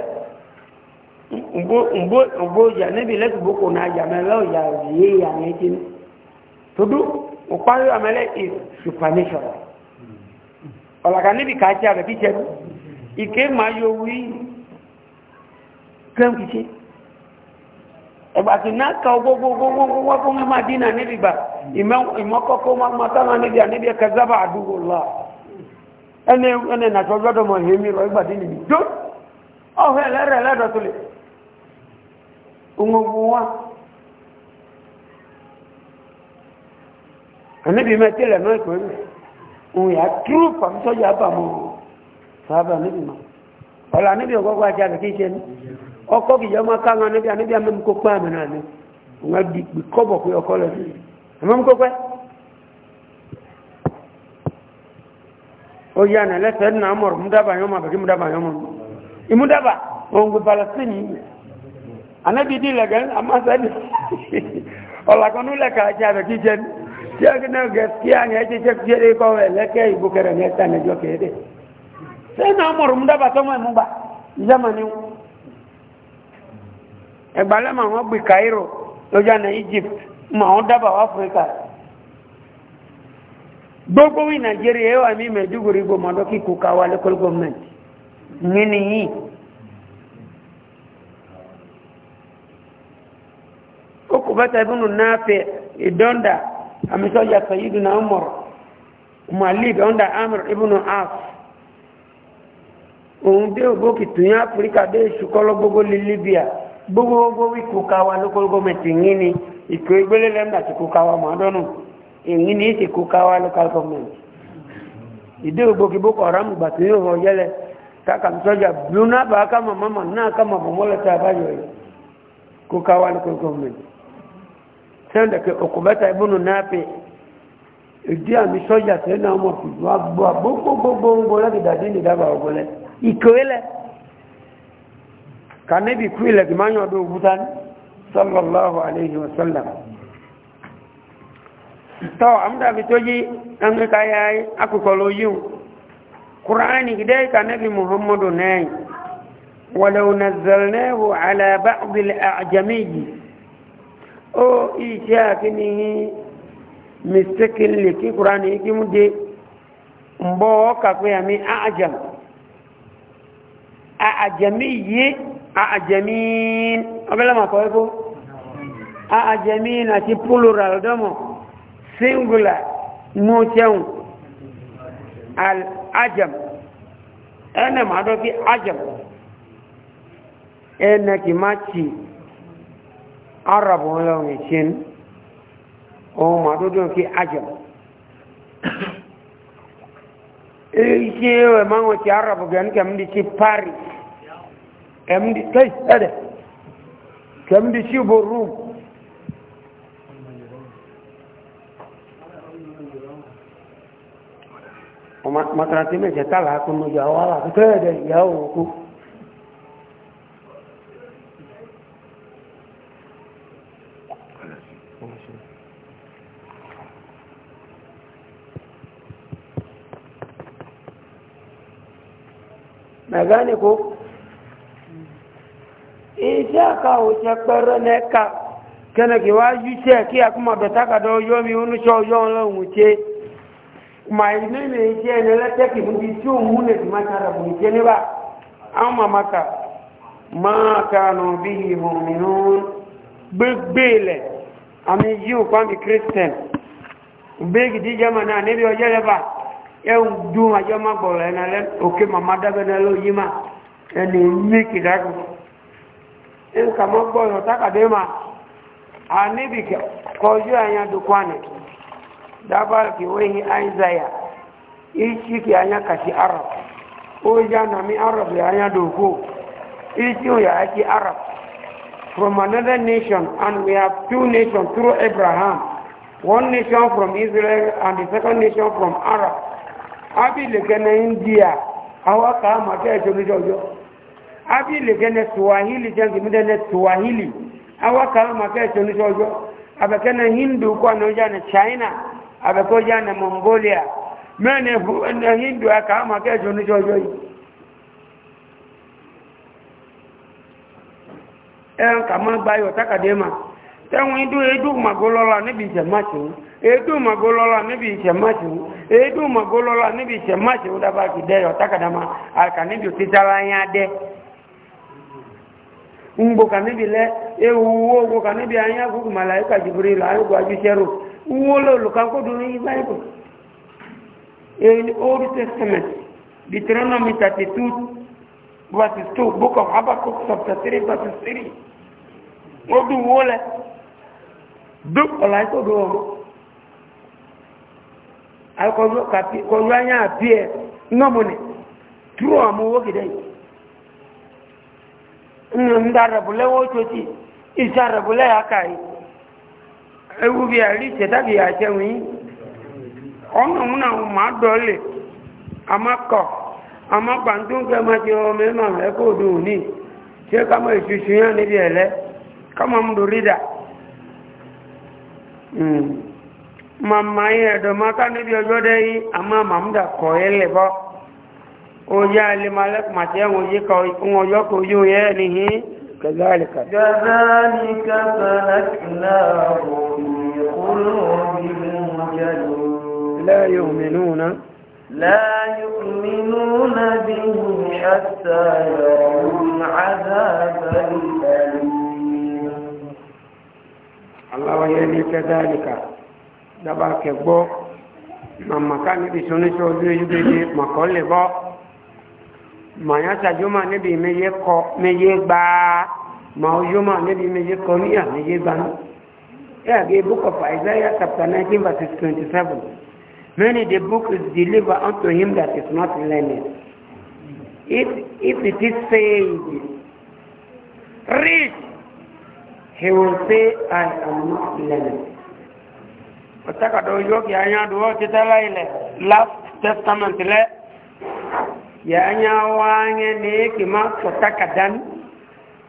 ògbó ìyà níbi lẹ́tùbókò náà yà mẹ́lẹ́ ọ̀yà òyè ìyà ní ẹjẹ́ ní tòdú òpárí àmẹ́lẹ́ ọ̀làkà níbi ike ma yọ wí kẹ́m kíjẹ náà ka gbogbogbogbogbogbo fún ẹmà dínà níbi gbà ìmọ́kọ́kọ́ máa níbi àníbi ẹ̀kẹ́ zábà àdúgbò lọ́wọ́ ẹni ẹni nàtọ́ gbọ́dọ̀ mọ̀ èmi rọ ìgbàdí nìmi jó ọ̀hún ẹlẹ́rẹ̀ ẹlẹ́dọ̀ tó lè ńgbogbo wa àníbi mẹ́tẹ́lẹ̀ náà kò rí òun yà túrú pàmísọ́jà bàmọ́ sábà níbi mọ́ ọ̀la níbi ọgọ́gọ́ ajá rẹ̀ kí ṣe ní ọkọ̀ kìjọ máa ká níbi àníbi àmẹ́mú àmì náà ní òun á pé ọkọ̀ lọ sí àmẹ́mú ó yá nà lẹ́sẹ̀ nà mọ̀rọ̀ múdábà yọ́mà àbẹ̀kí múdábà yọ́mà ìmúdábà òun gbé palestine yìí anábì dí lẹ̀gẹ́ amásẹ́ni ọ̀làkọ́nú lẹ́ka àti àbẹ̀kí jẹ́ tí a kí náà gẹ̀ẹ́sì àyà ẹ̀jẹ̀ jẹ́ fi ẹ̀rẹ́ kọ́ ẹ̀ lẹ́kẹ́ ìbò kẹrẹ̀ ní ẹ̀ta ẹ̀jọ́ kẹ́ẹ̀dẹ̀ sẹ́yìn nà mọ̀rọ̀ múdábà tọ́mọ̀ ẹ̀múgbà ìyáma ni ẹgbàlẹ́mà wọn gbé cairo lọ́jà ní egypt mà wọn dábà wá africa gbogbo wi nigeria yẹwà mi mẹjúgùrì gbọmọdọ kíkó káwa local government nínú yìí ó kò bẹ́tẹ̀ ibùnú náà fẹ́ ìdọ́ndà àmìsọ́jà sàyídù náà mọ̀rọ̀ mọ̀lì ìdọ́ndà amir ibùnú af òun dé ògbókì tún yá áfíríkà dé ìṣùkọ́lọ́ gbogbo lè libya gbogbo gbogbo wíkú káwa local government yìí ni ìkó ìgbélé lẹ́mdà ti kó káwa mọ́ èyí ní ìsìnkú káwá local government ìdí ògbógi boko haram gbà tó yóò hàn yẹlẹ káka sọjà bluna bá kama mama náà kama bọmọlẹ tá a bá yọ yìí kó káwá local government sẹ́ńdẹ̀ kí ọkùnbẹ́ta ìbúnú náà pè ìdí àmì sọjà sẹ́yìn náà mọ̀ fìdí wọn gbọ́ gbogbogbò ń gbọ́ láti dàdí nìdábà ọgbọ́lẹ̀ ìkòwé sallallahu alayhi wa sallam tọ́ amúdàbí tó yí ẹnìkà ya akùkọ̀ ló yíò kùránì gidẹ́ ìkànnẹ́bí muhammadu náà wàlẹ́wò nàzẹ̀lẹ́wò àlàbà òbílẹ̀ àjàmíyì ó iṣẹ́ àkíníyí mistakenly kí kùránì kí mú dé mbọ́ kàpẹ́ àmì àjàm àjàmíyì àjàmíyì ọbẹ̀lẹ̀ màkọ́ ẹ̀kọ́ àjàmíyì àti plural dọ́mọ̀ singular mọ́tẹ́hùn al'ajam ẹnẹ máa dọ́kí ajam ẹnẹ kì máa ci arabu lọ́wọ́ ìṣẹ́ni ohun máa dọ́dọ́ kí ajam iṣẹ́ ẹwẹ̀ máa wọ́n ci arabu gẹ̀ẹ́ni kẹ́mdí ci paris kẹ́mdí tẹ́ ẹ̀dẹ̀ kẹ́mdí ci borum matarasi mẹ́jẹ̀ta làákùnú ìyàwó aláàkùnfẹ́ẹ̀dẹ̀ ìyàwó òkú gane ko iṣẹ́ ka òṣẹ pẹ̀rẹ̀ nẹ́ka kẹ́nẹ̀kì wá yíṣẹ́ kí a kúmọ̀ bẹ̀tàkàdọ̀ yóò mi oníṣọ́ yóò lọ́wọ́ ṣe ma ile ne ike ne la teki mundi ti o mu ne ti ma tara bu ike ne ba an ma maka ma kanu bihi mu'minun gbegbe le ami yi o kwa mi christian gbegi di jama na ne bi o jele ba e un du ma jo ma bo le na le o ke ma ma da be na lo yi ma e ni mi ki da ku en ka ma bo yo ta ka de ma ani bi ke ko ju anya du kwa ne dabar ki wehi aizaya ichi ki anya kashi arab oja na mi arab ya anya doko ichi ya aki arab from another nation and we have two nations through abraham one nation from israel and the second nation from arab abi lekene india awa ka ma ke jojo jojo abi lekene swahili jangi midene swahili awa ka ma ke jojo jojo abakene hindu kwa noja na china abekoja na mongolia mene na hindu akaama kesho ni jojo eh kama bayo takadema tẹ́wọ̀n idú edú màgólọ́lá níbi ìṣẹ̀máṣe edú màgólọ́lá níbi ìṣẹ̀máṣe edú màgólọ́lá níbi ìṣẹ̀máṣe ó dábàá kì dẹ́yọ̀ tákàdámà àkà níbi òtítàrà yá dẹ́ ń gbò kà níbi lẹ́ ewu owó gbò kà níbi ayé àgùkù màláyíkà jìbìrì làáyùkù ajúṣẹ́rò wọ́lọ̀ olùkankódù ní báyìbù in old testament deuteronomy 32 verses 2 book of habakkuk chapter 3 verses 3 ó dùn wọ́lẹ̀ dùn ọ̀la ìkọ̀dù ọ̀rọ̀ àìkọ̀dù kọ̀dù anyá àbí ẹ̀ nọ́mùnì dúró àmú owó gidẹ̀ yìí ń dára bùlẹ̀ wọ́n tó ti ìṣàrẹ̀bùlẹ̀ àkàyè ewu bi ali tseta bi atse ŋui ɔnu na ma dɔ le ama kɔ ama gbantu ke ma tse ɔmɛ ma ɛkò hmm. do ni tse kama esusu ya ne bi ɛlɛ kama mu do rida mama yi ɛdɔ ma ka ne bi ɔdzɔ dɛ yi ama mamu da kɔ yɛ lɛ bɔ oye alima lɛ kuma tse ŋu ka ŋu ɔdzɔ ko yi o yɛ ni hin. كذلك كذلك فلكناه في لا يؤمنون لا يؤمنون به حتى يروا العذاب الأليم الله يلي كذلك دباك بو مما كان بسنة سوزي يجي مقول بو màyà sàjọmọ níbi méye kọ méye gbáà mà ọjọmọ níbi méye kọ níyà méye gbaná yeah the book of isaiah chapter 19 verses 27 many the book is delivered unto him that is not learned if if it is said read he will say i am not learned ọ̀tàkàdọ̀ ojú ọkì àyàn àdúgbò títẹ́lá ilẹ̀ last testament lẹ́ ya nya wange ne ki ma kota kadan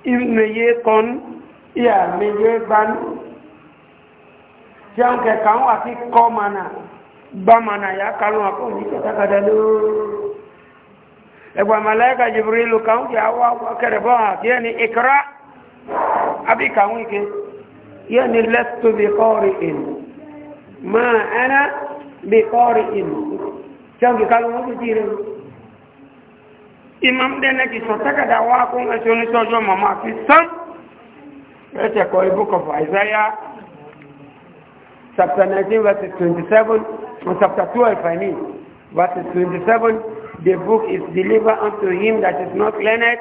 ibne ye kon ya me ye ban jang ke kan wa ki ko mana ba mana ya kalu ako ni kota kadan do e kwa malaika jibril kan ya wa wa kare ba yani ikra abi kan wi ke yani lastu bi qari'in ma ana bi qari'in jang ke kalu mo ti re imam dana ki so takada wa ko nga so ni sojo mama fi sam ete ko e book of isaiah chapter 19 verse 27 and chapter 12 i mean verse 27 the book is delivered unto him that is not learned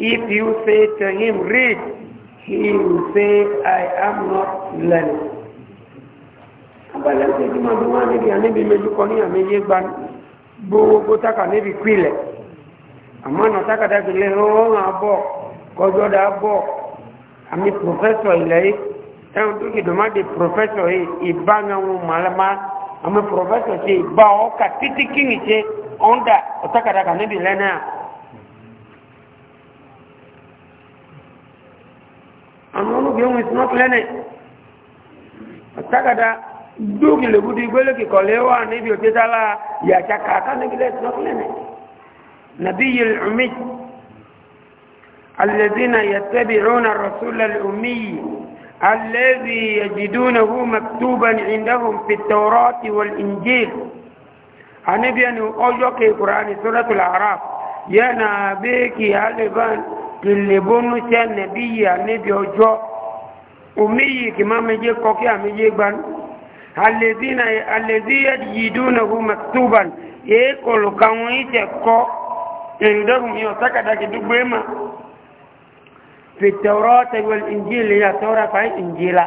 if you say to him read he will say i am not learned abalẹ̀ ṣe kí máa bí wọ́n á níbi àníbi méjì kan ní àmì yé gba gbogbo tákà níbi kú ilẹ̀ àmọ́ ọ̀nà tákàtà ti lé ọ̀hún àbọ̀ kọjọ́ dà bọ̀ àmì pòfẹ́sọ̀ ilẹ̀ yìí táwọn tó kìdùn má di pòfẹ́sọ̀ yìí ìbá àwọn màlámá àmì pòfẹ́sọ̀ ṣe ìbá ọkà títí kíni ṣe ọ̀ndà ọ̀tákàtà kà níbi lẹ́nà. àwọn olùgbé wọn ìsúná kílẹ́nẹ̀ ọ̀tákàtà dókìlẹ̀ búdú ìgbélé kíkọ̀lẹ́ wà níbi òtítàlá yàtsaka ká níbi lẹ́sùná kílẹ́nẹ̀. نبي الأمي الذين يتبعون الرسول الأمي الذي يجدونه مكتوبا عندهم في التوراة والإنجيل النبي أن أجوك القرآن سورة الأعراف يا نبيك يا لبان شان نبي النبي أجو أمي كما مجيك كوكي أمجيك بان الذين الذين يجدونه مكتوبا يقول إيه كم يتكو عندهم يوسكا كدبما في التوراة والإنجيل يا تورا فاي إنجيلا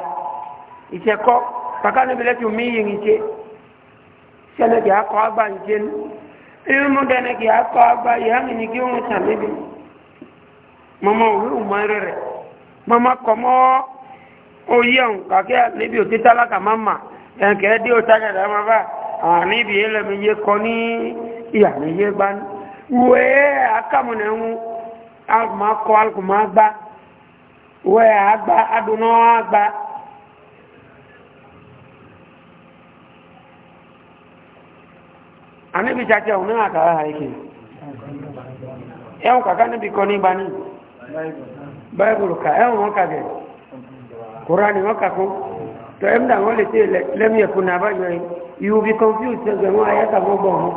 إيشكو فكانوا بلاتو ميين إيشي سنة يا قابا إيشين ilmu dana ki akọ agba ya mi ni ki ohun samibi mama owe umare rẹ mama kọmọ oyi ọhun kakẹ níbi òtítà láka mama ẹnkẹ dé òtá kẹta mama bá àwọn níbi ẹlẹmi yé kọ ní ìyàmẹyẹ gbani wee akamu na enwu alụmakọ alụmagba wee agba adụnọ agba anabi chacha ọ náà kàrà haike ẹwọ kàkà níbi kọ ní ìbáni báyìbùlù ká ẹwọ wọn kàgẹ̀ kùránì wọn kàkún tọ́ ẹ̀mdà wọn lè tẹ́ lẹ́mí ẹ̀kùn náà bá yọ yìí you will be confused ẹgbẹ̀rún ayẹ́ta gbogbo ọ̀hún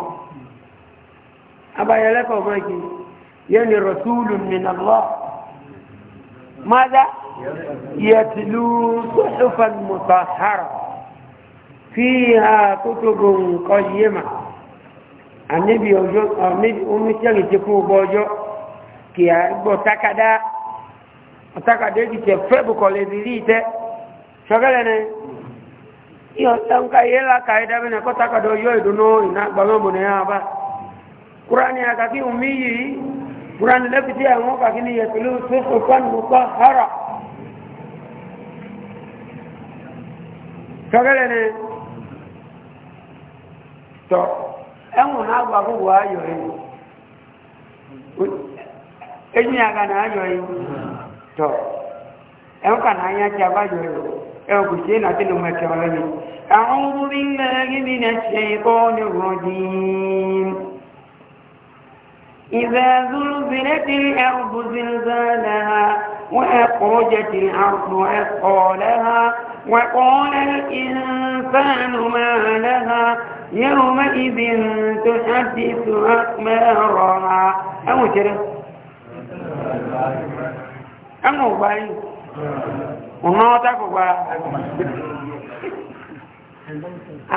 abayẹlẹ́kọ̀ máa kí yẹ́ ni rọ̀túlù mìnàlọ́ mada yẹtìlú sọ́fàn mùsàhárà fi ha kótógò nǹkan yé ma àníbi ọjọ́ oníṣẹ́lì ti kú ọgbọ́ ọjọ́ kì á gbọ́ takada takada ti tẹ fẹ́bù kọ̀lẹ̀ ìrírí tẹ ṣọ́gẹ́lẹ̀ ni ìyọ̀ tẹ́ǹkà yẹ́ lákàá ẹ̀dábìnrin kọ́ takada ọjọ́ ìdùnnú ìnagbàmọ́bùnrin kurani akaki a kurani lẹ́pìtì àwọn kakini yẹtùlú sọ́sọ́kan nùkọ́ ni tọ́ ẹ̀wọ̀n náà gba gbogbo ayọ̀ yìí ẹ̀yìn àga náà ayọ̀ yìí tọ́ ẹ̀wọ̀n kan náà yẹn ti abájọ yìí ẹ̀wọ̀n kò sí أعوذ بالله من الشيطان الرجيم إذا زلزلت الأرض زلزالها وأخرجت الأرض أثقالها وقال الإنسان ما لها يومئذ تحدث أخبارها أو ترى أمو باي ọ̀nà ọ̀tàkùgbà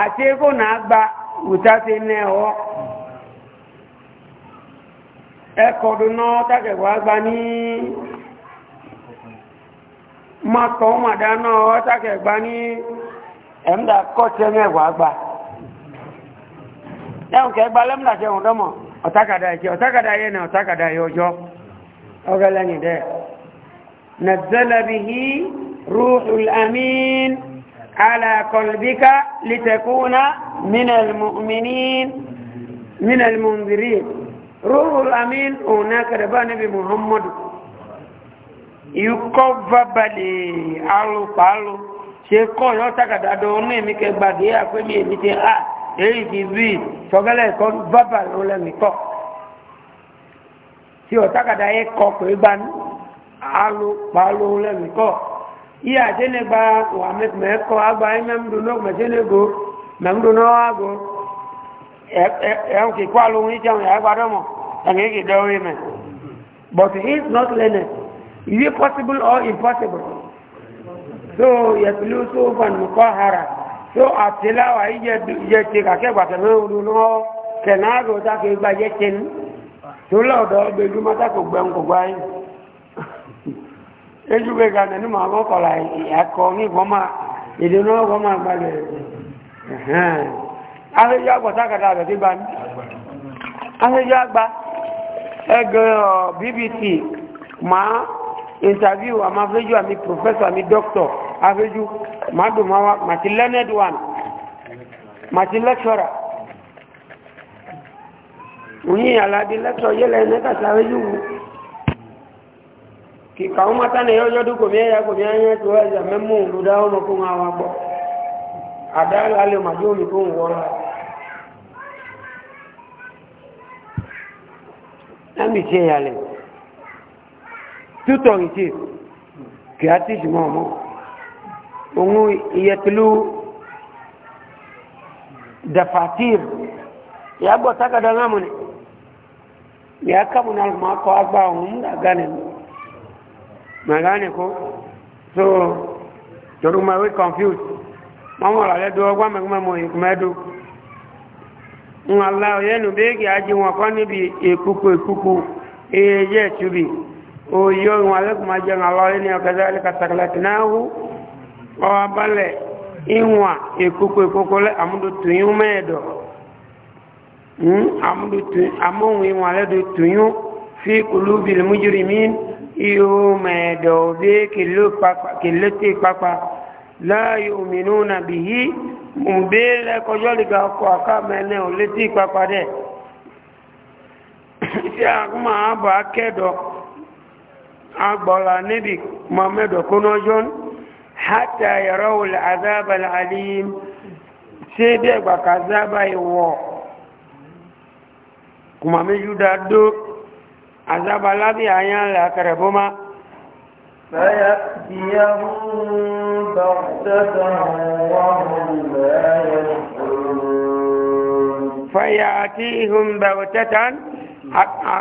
àti ẹkùn náà gba òtàtẹ̀ náà ọ́ ẹkọ̀dún náà tàkẹ̀wà gba ní makọ̀ màdá náà tàkẹ̀gbà ní ẹ̀mdà kọ́tẹ́ mẹ́wàá gba ẹ̀hùn kẹgbà lẹ́mdà ṣe hùn dọ́mọ̀ ọ̀tàkàdà ẹ̀kẹ́ ọ̀tàkàdà yẹ́ ọ̀tàkàdà yẹ ọjọ́ dẹ́ نزل به روح الأمين على قلبك لتكون من المؤمنين من المنذرين ruhul amin òun náà kẹrẹ̀bá níbi muhammadu ikọ́ bábalẹ̀ ṣe kọ́ yọ́ takàdádọ́ ọ̀nà èmi kẹgbàdé àpẹ́mí èmi ti a èyí ti bí ṣọ́gẹ́lẹ̀ ẹ̀kọ́ bábalẹ̀ olẹ́mìkọ́ tí ọ̀takàdá yẹ kọ́ pé gbá ẹ̀hùn kìí kwá lóhun ìjẹun ìyàgbádọ́mọ̀ ẹ̀hùn kìí dọ́rí but he is not learned is it possible or impossible so yẹ̀tùlú tó fàn nìkọ́ hara so àtìláwà ìjẹ́ ti kàkẹ́ gbàtẹ̀mẹ́ olùlọ́ kẹ̀nàádọ́ tákì gbàjẹ́ tẹ́nu tó lọ́ọ̀dọ́ gbẹjúmọ́ tákì gbẹ̀m kò gbá yìí ejúgbẹ́ Ejubega ní ẹ̀hẹ́n ahẹ́jọ́ àgbà sákàtà rẹ̀ tí gbà ní ahẹ́jọ́ àgbà ẹgbẹ́ ọ̀ bbt máa interview àmà afẹ́jú àmì professor àmì doctor afẹ́jú máa dùn máa wá màtí learned one màtí lecturer òyìn àlàdé lecturer yẹ́lẹ̀ nẹ́kàtà afẹ́jú wù kìkà ọmọ tánà yọjọ́ dúkò mẹ́yà kò mẹ́yà tó ẹ̀yà mẹ́mú òdúdá ọmọ fún àwọn àgbọ̀ àdá lálẹ́ màjú omi fún òwúrọ̀ ami tse ya lɛ tutɔ ŋtsi kia ti si mɔ yɛtulu dafatir ya gbɔ takada ŋa mu ne ya kamu na ma kɔ agba ŋu mu na gane ma gane ko so toro ma we confused mɔmɔ la lɛ do ɔgba mɛ kuma mɔ yi kuma do. ńlá ọ̀yẹ́nu béèkì ajé wọn kọ́ níbi èkúkú èkúkú èyí ẹ̀túbì òyò ìwọ̀n alẹ́kùnmá jẹ́ ńlá ọ̀yẹ́ni ọ̀kẹ́dá ẹlẹ́kàtàkàlàtì náà ọwọ́ abalẹ̀ ìwọ̀n èkúkú èkúkú lẹ́ àmúdò mẹ́ẹ̀dọ̀ fi láàyò òmìnú nàbì yìí mùbéèrè kọjọ́ lìgbà ọkọ̀ àkàmẹ́lẹ̀ ò létí ìpapàdé tí a máa bá kẹ́dọ̀ agbọ̀la níbi mọ̀mẹ́dọ̀ kúnnájọ́ hátà yàrá òlè àzábà àlìyìn tí bí ẹgbà kàzábà ìwọ̀ kùmọ̀mẹ́jú dá dó àzábà lábí àyàn làkàrẹ̀bọ́má فيأتيهم بغتة وهم لا يشعرون فيأتيهم بغتة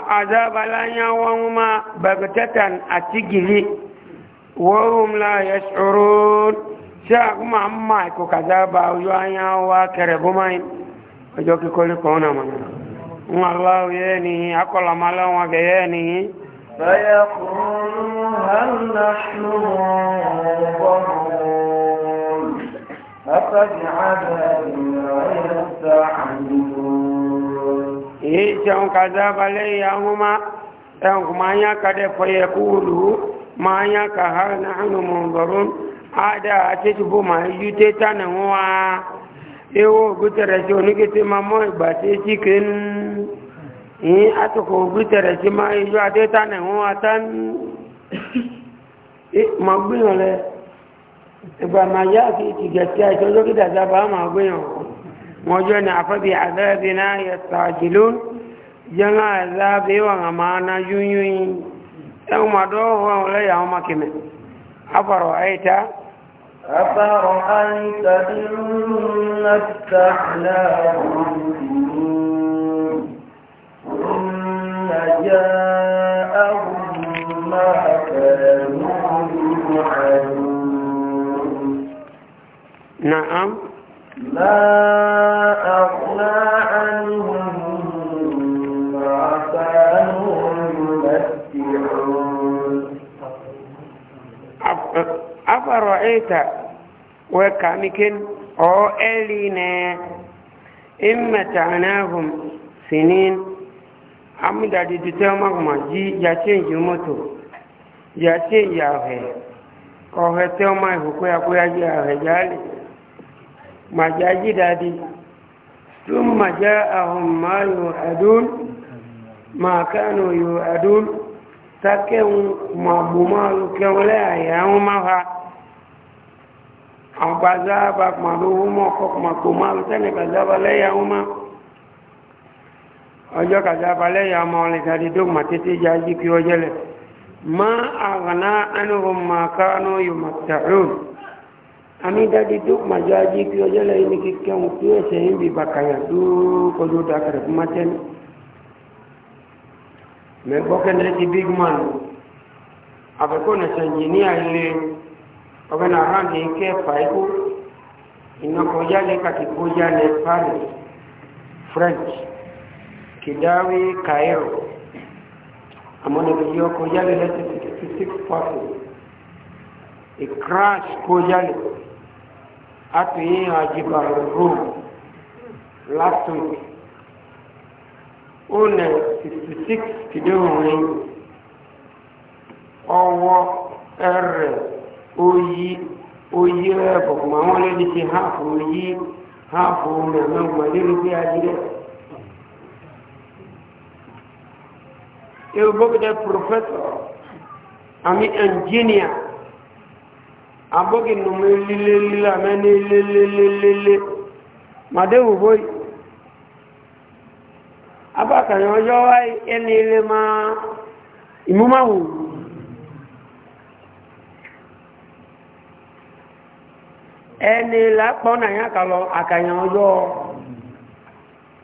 عذاب لا يوم بغتة أتجري وهم لا يشعرون شاكما عما يكو كذاب أو يوانا وكربومين أجوكي كل كونا من الله يني أقول ما لهم وكيني فيقولوا هل نحن منظرون أفبعذابنا يستعجلون إيشهم كذاب عليهما ẹnkù máa yá kadẹ fọyẹ kúrò máa yá ka ha náà mọ̀gbọ̀rún àdá àtẹ́tùbò máa yú tẹ́tà náà wá ewu ògùtẹ̀rẹ̀ sí oníkété máa mọ́ ìgbà tí ó ti kéé nù. ìyí àtòkò òbí tẹ̀rẹ̀ sí máa ijó adétánẹ̀ wọn atán ma gbìyàn lẹ ìgbà máa yá àti ìtìgẹ̀tì àti olókìtà sábà máa gbìyàn wọn jọ ní àfẹ́bí àzẹ́bí náà yẹ sàájìlú jẹ́nà àzẹ́bí wọn máa na yúnyún ẹ̀wọ̀n máa dọ́wọ́ wọn lẹ́yà wọn máa kìmẹ̀ afọ̀rọ̀ àyíta أفرأيت إن ثم جاءهم ما كانوا يوعدون نعم ما أغنى عنهم ما كانوا يمتعون أفرأيت وكامكن أو إلينا إن متعناهم سنين amúdàdì ti tẹ́ ọmọ ọmọ jí ya change mọ́tò ya change ahẹ́ ọ̀hẹ́ tẹ́ ọmọ ìhùkú akóyá jí ahẹ́ jáàlì màjá jí dàdí tó màjá ahùn máa yọ àdún máa kánú yọ àdún sákẹ́hùn màbù máa yọ kẹwọlẹ́ àyà wọn máa ha àwọn gbazá bá kùmàdó wọn mọ́ ọkọ̀ kùmàkùmá lọ sẹ́nẹ̀ gbazá bá lẹ́yà wọn máa ọjọ́ kàzába lẹ́yìn ọmọ ọ̀lẹ́sàdì dógmà títí já jí kí ọjọ́ lẹ̀ ma àgbàná ẹnuhùn ma káánú yóò ma tàrún àmì dájú dógmà já jí kí ọjọ́ lẹ̀ ní kíkẹ́ wọn kí ẹsẹ̀ yìí bí bàkàyà dúkọjú dákẹrẹ fún mátẹ́ni mẹ́gbọ́kẹ́ndẹ́ ti big man àfẹ́kọ́ nẹ̀sẹ̀ ìjìníà ilé ọbẹ̀ náà hàn ní kẹfà ikú ìnàkọjá lẹ́kàkì kọjá lẹ́ french Kidawi Cairo amọ́nàbí yọ kó yálẹ̀ lẹ́sẹ̀ 66 pọ́sùn ìkrash kó yálẹ̀ àtúnyìn àjìbàrò rome last week ó nà 66 kìdéhùnrin ọwọ́ ẹ̀rẹ̀ oyí oyí ẹ̀bọ̀ màwọn lẹ́ni ti háàfù oyí háàfù mẹ́mẹ́gbọ̀n lórí bí ajílẹ̀ eu vou de professor a ami engineer abogi no me lile lile amene lile lile mas madewu boy aba kan yo um wa eni le ma imumau. E é eni la pona ya kalo akayan yo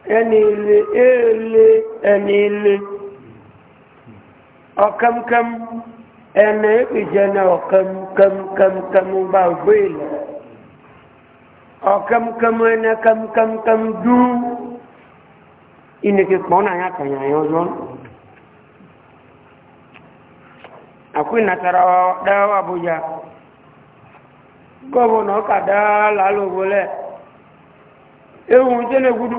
eni le é eni le, ele, ele ọ̀kẹ́mkẹ́m ẹ̀nà ìpìjẹ́ náà ọ̀kẹ́mkẹ́mkẹ́m bá gbé ilẹ̀ ọ̀kẹ́mkẹ́m ẹ̀nà kẹ́mkẹ́mkẹ́m dú ìnìkì pọ̀ náà yà kànyà yọ lọ. àkúì nàtàrà dáwọ́ àbújá gọ́ọ̀bù náà kà dáa lálọ́ òwò lẹ̀ ewu ń tẹ́lẹ̀ gudu.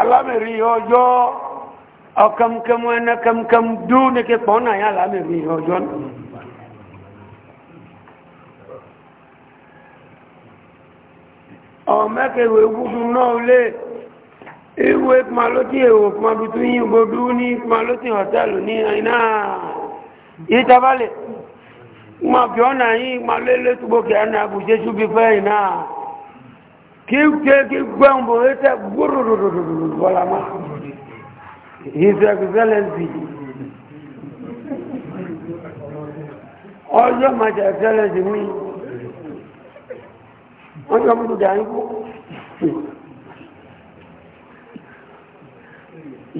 alámẹ̀rí ọjọ́ ọkàmkàmù ẹnà kàmkàmù dú ní kí pọ̀ náà yá alámẹ̀rí ọjọ́ ọmọkẹwẹ̀ gúdú náà lè ewu ekuma ló tí èwò kuma dúdú yí gbodú ní kuma ló tí hòtẹ́lù ní iná ìtabalẹ̀ kuma bí ọ̀nà yí kuma lélẹ́túgbò kẹ́ ẹ̀nà àbújẹ́sú bí fẹ́ iná kí kí gbẹ́ǹbò ètẹ́ gbúrùrùrùrùrùrùbọ́lámá his excellency ọjọ́ màjá excellency mi ọjọ́ mọ́tòdà ń kú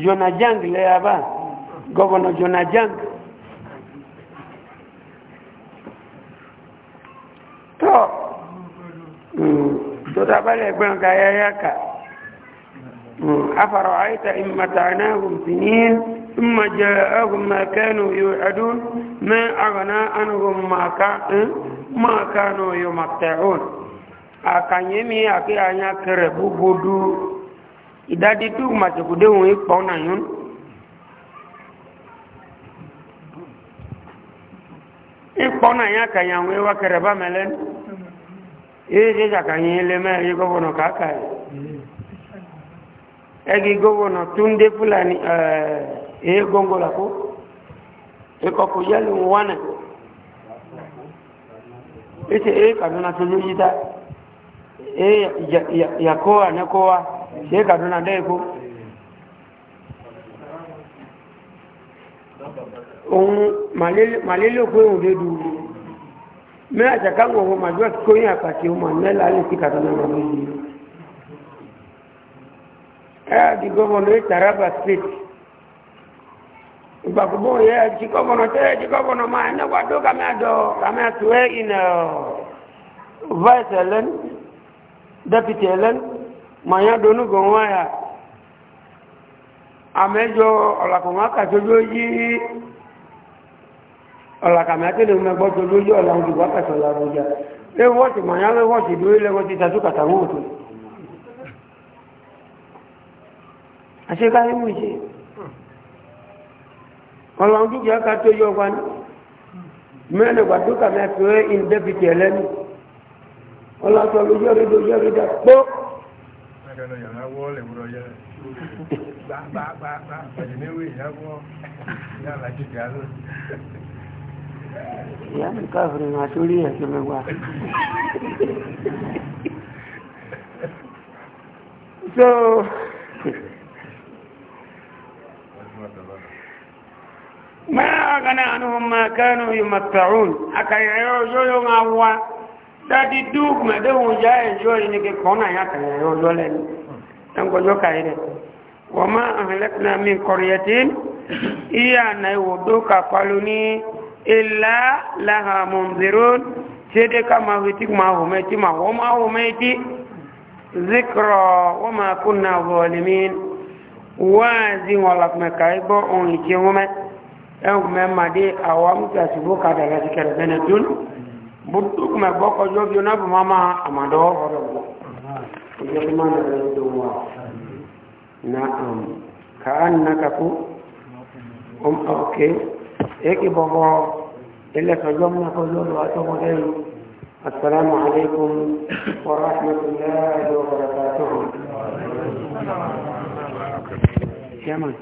jonah jang lẹ́yàbá gọ́vọ̀nà jonah jang abale gbọn ka ya ya ka afara in matanahum sinin ثم جاءهم ما كانوا يوعدون ما أغنى عنهم ما, كان ما كانوا يمتعون akanyemi ake anya kere bubudu idadi tu machukude un ipo yun ipo na ya wa kere ba melen yíyí jàkà yìí lè ege gọvanọ kàákà fulani ee gómìnà túndé fúlàní ẹ̀ẹ́ góngó làkó ìkọkù yẹ́lù wọ́nà ìṣe èé kàdúnà tó ló yíta èé yàkó ànẹ́kọ́wà ṣe kàdúnà dẹ́ẹ̀kó ohun màlélòkó èhùn dédú mẹ́ àjàkáwọ̀ ọmọ màjọ́ kí kóyìn àpàtì ọmọ mẹ́lá lè fi kàtàkì ọmọ mi yìí ẹ́ di gọ́vọ̀nà taraba state ìgbàkúgbò yẹ ti gọ́vọ̀nà tẹ́lẹ̀ ti gọ́vọ̀nà máa ẹ̀ wá dó kàmí àdọ́ kàmí àtú ẹ̀ ìnà vice ẹ̀lẹ́n deputy ẹ̀lẹ́n màá donú gọ̀ọ́ wáyà àmẹ́jọ ọ̀làkùnrin akàtọ́jọ́ yìí ọ̀làkàmì akéde mẹ́gbọ́ tó lójú ọ̀la ojú wákàtí ọ̀la ọjà ẹ wọ́ọ̀tì màá lọ wọ́ọ̀tì dúró lẹ́wọ́ ti tàtú kàtà wọn òtò àṣekáyé mú ìṣe ọ̀la ojú kìí ká tó yọ wani mẹ́rin gbàdú kàmí ẹ̀fẹ́ ìndẹ́bìtì ẹlẹ́nu ọ̀la tó lójú ọ̀rẹ́ lójú ọ̀rẹ́ dà pó. Gbàgbàgbà ìyàwó ìyá àlàjì kìí ìyá mi káàkiri máa tó rí ẹ̀kí mẹ́wàá so máa gana àánúhùn máa kánú ìmọ̀tàrún àkàyẹ̀yọ́ yóò máa wá dádi dúk mẹ́dẹ́hùn já ẹ̀yọ́ ìníkẹ́ kọ́nà yá kàyẹ̀yọ́ yọ́ lẹ́nu ẹnkọjọ́ kàyẹ̀rẹ̀ wọ́n máa àhìlẹ́kùnà mi kọ̀rìyẹ̀tì ìyá àná ìwòdó kàpálù ní ìlà láha mọ̀mùsírún tí ó dé ká máa fi tí máa hù mẹ́tí máa wọ́n máa hù mẹ́tí zikọ̀rọ̀ wọ́n máa kún náà vọ̀lìmí wáàzí wọn lọ́pẹ̀ká igbó ohun ìkí wọ́mẹ́ ẹ̀hùn mẹ́màá dé àwọn amúkẹ́ àṣìbó kadà láti kẹrẹ̀ bẹ́ẹ̀ dún buku mɛ bɔ kɔjɔ bi n'a fɔ mama a ma dɔgɔ kɔrɔ bɔ kɔjɔ bi ma na yɛrɛ do wa na am um, ka an eki bobo ile kajomna kujulu atomo leo assalamu alaikum wa rahmatullahi wa barakatuh Chairman.